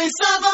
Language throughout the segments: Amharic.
Voice of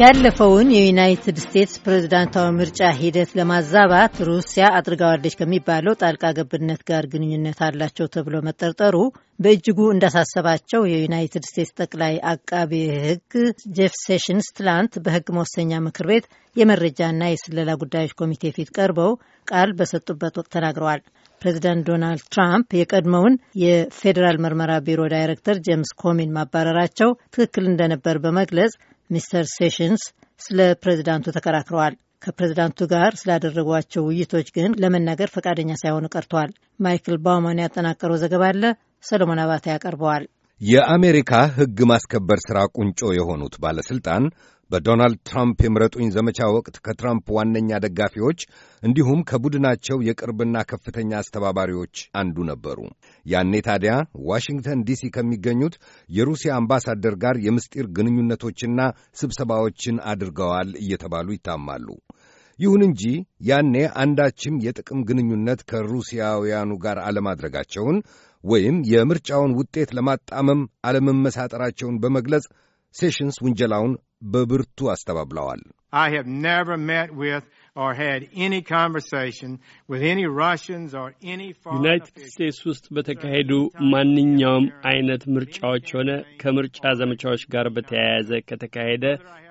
ያለፈውን የዩናይትድ ስቴትስ ፕሬዝዳንታዊ ምርጫ ሂደት ለማዛባት ሩሲያ አድርጋዋለች ከሚባለው ጣልቃ ገብነት ጋር ግንኙነት አላቸው ተብሎ መጠርጠሩ በእጅጉ እንዳሳሰባቸው የዩናይትድ ስቴትስ ጠቅላይ አቃቤ ሕግ ጄፍ ሴሽንስ ትላንት በሕግ መወሰኛ ምክር ቤት የመረጃና የስለላ ጉዳዮች ኮሚቴ ፊት ቀርበው ቃል በሰጡበት ወቅት ተናግረዋል። ፕሬዚዳንት ዶናልድ ትራምፕ የቀድሞውን የፌዴራል ምርመራ ቢሮ ዳይሬክተር ጄምስ ኮሚን ማባረራቸው ትክክል እንደነበር በመግለጽ ሚስተር ሴሽንስ ስለ ፕሬዚዳንቱ ተከራክረዋል። ከፕሬዚዳንቱ ጋር ስላደረጓቸው ውይይቶች ግን ለመናገር ፈቃደኛ ሳይሆኑ ቀርተዋል። ማይክል ባውማን ያጠናቀረው ዘገባ አለ፣ ሰለሞን አባተ ያቀርበዋል። የአሜሪካ ሕግ ማስከበር ሥራ ቁንጮ የሆኑት ባለሥልጣን በዶናልድ ትራምፕ የምረጡኝ ዘመቻ ወቅት ከትራምፕ ዋነኛ ደጋፊዎች እንዲሁም ከቡድናቸው የቅርብና ከፍተኛ አስተባባሪዎች አንዱ ነበሩ። ያኔ ታዲያ ዋሽንግተን ዲሲ ከሚገኙት የሩሲያ አምባሳደር ጋር የምስጢር ግንኙነቶችና ስብሰባዎችን አድርገዋል እየተባሉ ይታማሉ። ይሁን እንጂ ያኔ አንዳችም የጥቅም ግንኙነት ከሩሲያውያኑ ጋር አለማድረጋቸውን ወይም የምርጫውን ውጤት ለማጣመም አለመመሳጠራቸውን በመግለጽ ሴሽንስ ውንጀላውን በብርቱ አስተባብለዋል። ዩናይትድ ስቴትስ ውስጥ በተካሄዱ ማንኛውም አይነት ምርጫዎች ሆነ ከምርጫ ዘመቻዎች ጋር በተያያዘ ከተካሄደ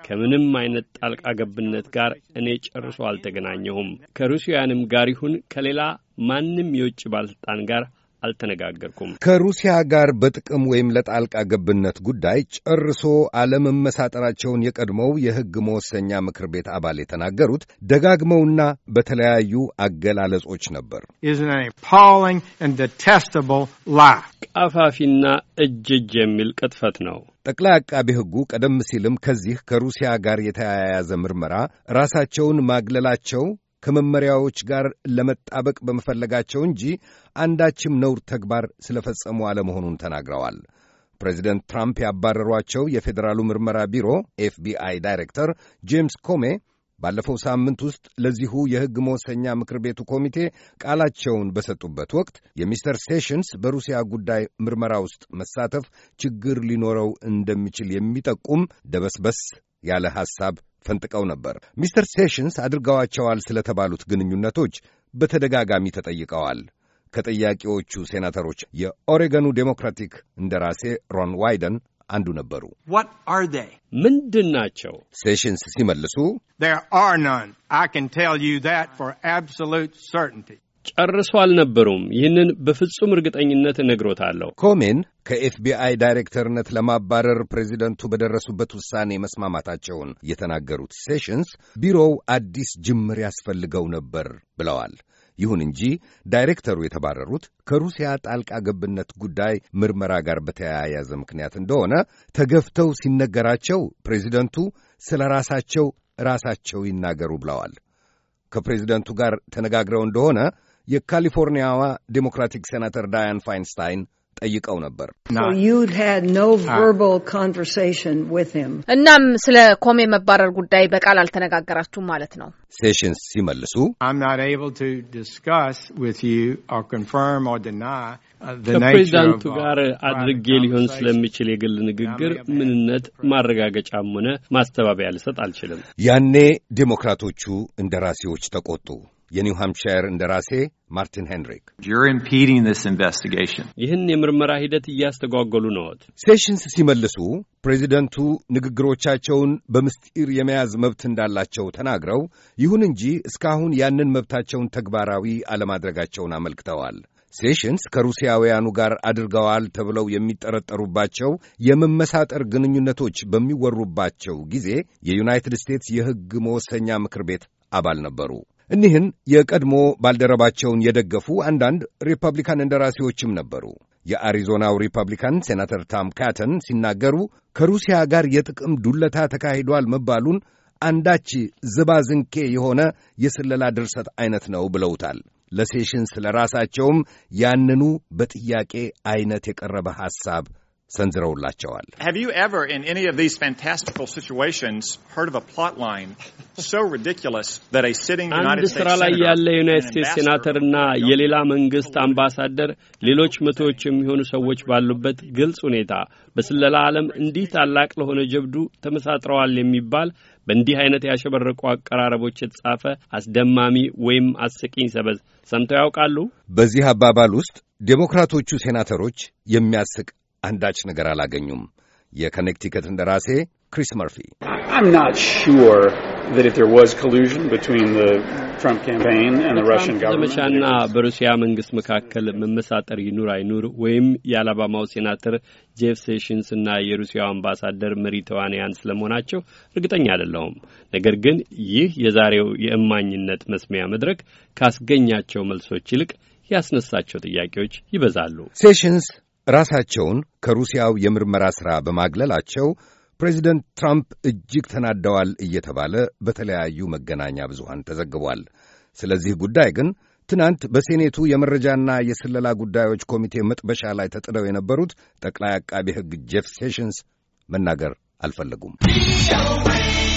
ከምንም አይነት ጣልቃ ገብነት ጋር እኔ ጨርሶ አልተገናኘሁም። ከሩሲያንም ጋር ይሁን ከሌላ ማንም የውጭ ባለሥልጣን ጋር አልተነጋገርኩም። ከሩሲያ ጋር በጥቅም ወይም ለጣልቃ ገብነት ጉዳይ ጨርሶ አለመመሳጠራቸውን የቀድሞው የሕግ መወሰኛ ምክር ቤት አባል የተናገሩት ደጋግመውና በተለያዩ አገላለጾች ነበር። ቀፋፊና እጅጅ የሚል ቅጥፈት ነው። ጠቅላይ አቃቢ ሕጉ ቀደም ሲልም ከዚህ ከሩሲያ ጋር የተያያዘ ምርመራ ራሳቸውን ማግለላቸው ከመመሪያዎች ጋር ለመጣበቅ በመፈለጋቸው እንጂ አንዳችም ነውር ተግባር ስለፈጸሙ አለመሆኑን ተናግረዋል። ፕሬዚደንት ትራምፕ ያባረሯቸው የፌዴራሉ ምርመራ ቢሮ ኤፍቢአይ ዳይሬክተር ጄምስ ኮሜ ባለፈው ሳምንት ውስጥ ለዚሁ የሕግ መወሰኛ ምክር ቤቱ ኮሚቴ ቃላቸውን በሰጡበት ወቅት የሚስተር ሴሽንስ በሩሲያ ጉዳይ ምርመራ ውስጥ መሳተፍ ችግር ሊኖረው እንደሚችል የሚጠቁም ደበስበስ ያለ ሐሳብ ፈንጥቀው ነበር። ሚስተር ሴሽንስ አድርገዋቸዋል ስለተባሉት ግንኙነቶች በተደጋጋሚ ተጠይቀዋል። ከጠያቂዎቹ ሴናተሮች የኦሬገኑ ዴሞክራቲክ እንደራሴ ሮን ዋይደን አንዱ ነበሩ። ምንድን ናቸው? ሴሽንስ ሲመልሱ ጨርሶ አልነበሩም። ይህንን በፍጹም እርግጠኝነት እነግሮታለሁ። ኮሜን ከኤፍቢአይ ዳይሬክተርነት ለማባረር ፕሬዚደንቱ በደረሱበት ውሳኔ መስማማታቸውን የተናገሩት ሴሽንስ ቢሮው አዲስ ጅምር ያስፈልገው ነበር ብለዋል። ይሁን እንጂ ዳይሬክተሩ የተባረሩት ከሩሲያ ጣልቃ ገብነት ጉዳይ ምርመራ ጋር በተያያዘ ምክንያት እንደሆነ ተገፍተው ሲነገራቸው ፕሬዚደንቱ ስለ ራሳቸው ራሳቸው ይናገሩ ብለዋል። ከፕሬዚደንቱ ጋር ተነጋግረው እንደሆነ የካሊፎርኒያዋ ዴሞክራቲክ ሴናተር ዳያን ፋይንስታይን ጠይቀው ነበር። ah. እናም ስለ ኮሜ መባረር ጉዳይ በቃል አልተነጋገራችሁም ማለት ነው? ሴሽንስ ሲመልሱ uh, ከፕሬዚዳንቱ ጋር አድርጌ ሊሆን ስለሚችል የግል ንግግር ምንነት ማረጋገጫም ሆነ ማስተባበያ ልሰጥ አልችልም። ያኔ ዴሞክራቶቹ እንደራሴዎች ተቆጡ። የኒው ሃምፕሻየር እንደራሴ ማርቲን ሄንሪክ ይህን የምርመራ ሂደት እያስተጓገሉ ነዎት። ሴሽንስ ሲመልሱ ፕሬዚደንቱ ንግግሮቻቸውን በምስጢር የመያዝ መብት እንዳላቸው ተናግረው፣ ይሁን እንጂ እስካሁን ያንን መብታቸውን ተግባራዊ አለማድረጋቸውን አመልክተዋል። ሴሽንስ ከሩሲያውያኑ ጋር አድርገዋል ተብለው የሚጠረጠሩባቸው የመመሳጠር ግንኙነቶች በሚወሩባቸው ጊዜ የዩናይትድ ስቴትስ የሕግ መወሰኛ ምክር ቤት አባል ነበሩ። እኒህን የቀድሞ ባልደረባቸውን የደገፉ አንዳንድ ሪፐብሊካን እንደራሴዎችም ነበሩ። የአሪዞናው ሪፐብሊካን ሴናተር ታም ካተን ሲናገሩ ከሩሲያ ጋር የጥቅም ዱለታ ተካሂዷል መባሉን አንዳች ዝባዝንኬ የሆነ የስለላ ድርሰት አይነት ነው ብለውታል። ለሴሽንስ ለራሳቸውም ያንኑ በጥያቄ አይነት የቀረበ ሐሳብ ሰንዝረውላቸዋል። አንድ ስራ ላይ ያለ የዩናይት ስቴትስ ሴናተርና የሌላ መንግስት አምባሳደር ሌሎች መቶዎች የሚሆኑ ሰዎች ባሉበት ግልጽ ሁኔታ በስለላ ዓለም እንዲህ ታላቅ ለሆነ ጀብዱ ተመሳጥረዋል የሚባል በእንዲህ አይነት ያሸበረቁ አቀራረቦች የተጻፈ አስደማሚ ወይም አስቂኝ ሰበዝ ሰምተው ያውቃሉ? በዚህ አባባል ውስጥ ዴሞክራቶቹ ሴናተሮች የሚያስቅ አንዳች ነገር አላገኙም። የኮኔክቲከት እንደራሴ ክሪስ መርፊ ዘመቻና በሩሲያ መንግስት መካከል መመሳጠር ይኑር አይኑር ወይም የአላባማው ሴናተር ጄፍ ሴሽንስ እና የሩሲያው አምባሳደር መሪ ተዋንያን ስለመሆናቸው እርግጠኛ አይደለሁም። ነገር ግን ይህ የዛሬው የእማኝነት መስሚያ መድረክ ካስገኛቸው መልሶች ይልቅ ያስነሳቸው ጥያቄዎች ይበዛሉ። ሴሽንስ ራሳቸውን ከሩሲያው የምርመራ ሥራ በማግለላቸው ፕሬዚደንት ትራምፕ እጅግ ተናደዋል እየተባለ በተለያዩ መገናኛ ብዙሃን ተዘግቧል። ስለዚህ ጉዳይ ግን ትናንት በሴኔቱ የመረጃና የስለላ ጉዳዮች ኮሚቴ መጥበሻ ላይ ተጥለው የነበሩት ጠቅላይ አቃቤ ሕግ ጄፍ ሴሽንስ መናገር አልፈለጉም።